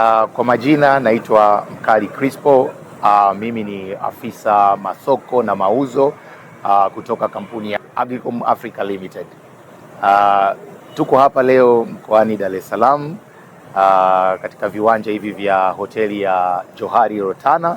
Uh, kwa majina naitwa Mkali Crispo. Uh, mimi ni afisa masoko na mauzo uh, kutoka kampuni ya Agricom Africa Limited. Uh, tuko hapa leo mkoani Dar es Salaam uh, katika viwanja hivi vya hoteli ya Johari Rotana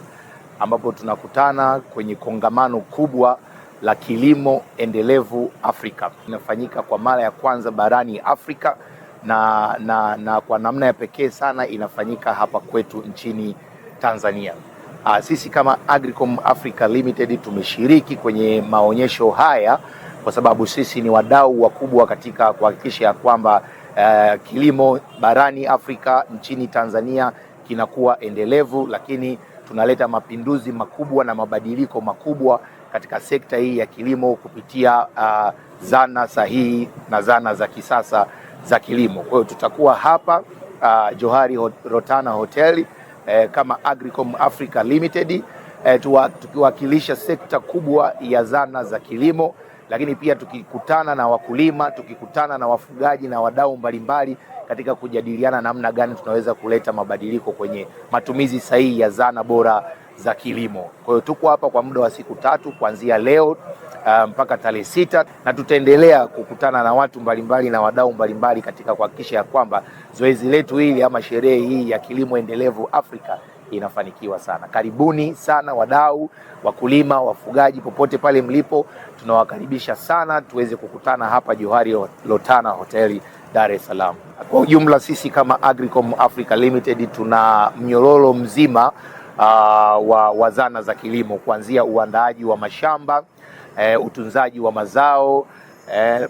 ambapo tunakutana kwenye kongamano kubwa la kilimo endelevu Afrika. Inafanyika kwa mara ya kwanza barani Afrika na, na, na kwa namna ya pekee sana inafanyika hapa kwetu nchini Tanzania. Aa, ah, sisi kama Agricom Africa Limited tumeshiriki kwenye maonyesho haya kwa sababu sisi ni wadau wakubwa katika kuhakikisha ya kwamba uh, kilimo barani Afrika nchini Tanzania kinakuwa endelevu, lakini tunaleta mapinduzi makubwa na mabadiliko makubwa katika sekta hii ya kilimo kupitia uh, zana sahihi na zana za kisasa za kilimo. Kwa hiyo tutakuwa hapa uh, Johari Rotana hotel eh, kama Agricom Africa Limited eh, tukiwakilisha sekta kubwa ya zana za kilimo, lakini pia tukikutana na wakulima, tukikutana na wafugaji na wadau mbalimbali katika kujadiliana namna gani tunaweza kuleta mabadiliko kwenye matumizi sahihi ya zana bora za kilimo. Kwa hiyo tuko hapa kwa muda wa siku tatu kuanzia leo uh, mpaka um, tarehe sita na tutaendelea kukutana na watu mbalimbali na wadau mbalimbali katika kuhakikisha ya kwamba zoezi letu hili ama sherehe hii ya kilimo endelevu Afrika inafanikiwa sana. Karibuni sana wadau, wakulima, wafugaji, popote pale mlipo, tunawakaribisha sana tuweze kukutana hapa Johari Lotana hoteli Dar es Salaam. Kwa ujumla, sisi kama Agricom Africa Limited tuna mnyororo mzima uh, wa, wa zana za kilimo kuanzia uandaaji wa mashamba uh, utunzaji wa mazao uh,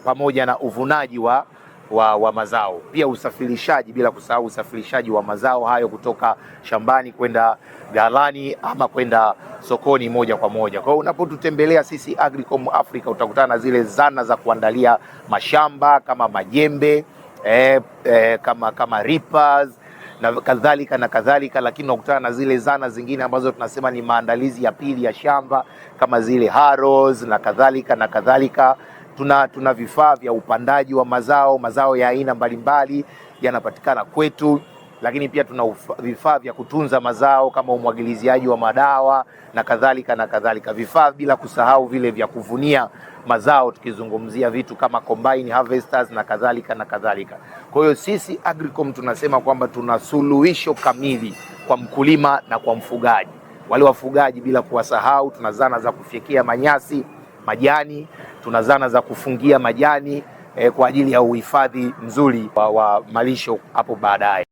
pamoja na uvunaji wa, wa, wa mazao, pia usafirishaji, bila kusahau usafirishaji wa mazao hayo kutoka shambani kwenda ghalani ama kwenda sokoni moja kwa moja. Kwa hiyo unapotutembelea sisi Agricom Africa utakutana na zile zana za kuandalia mashamba kama majembe eh, eh, kama, kama reapers, na kadhalika na kadhalika, lakini unakutana na zile zana zingine ambazo tunasema ni maandalizi ya pili ya shamba kama zile harrows na kadhalika na kadhalika. Tuna, tuna vifaa vya upandaji wa mazao, mazao ya aina mbalimbali yanapatikana kwetu lakini pia tuna vifaa vya kutunza mazao kama umwagiliziaji wa madawa na kadhalika na kadhalika, vifaa bila kusahau vile vya kuvunia mazao, tukizungumzia vitu kama combine harvesters na kadhalika na kadhalika. Kwa hiyo sisi Agricom tunasema kwamba tuna suluhisho kamili kwa mkulima na kwa mfugaji. Wale wafugaji bila kuwasahau, tuna zana za kufyekia manyasi majani, tuna zana za kufungia majani eh, kwa ajili ya uhifadhi mzuri wa, wa malisho hapo baadaye.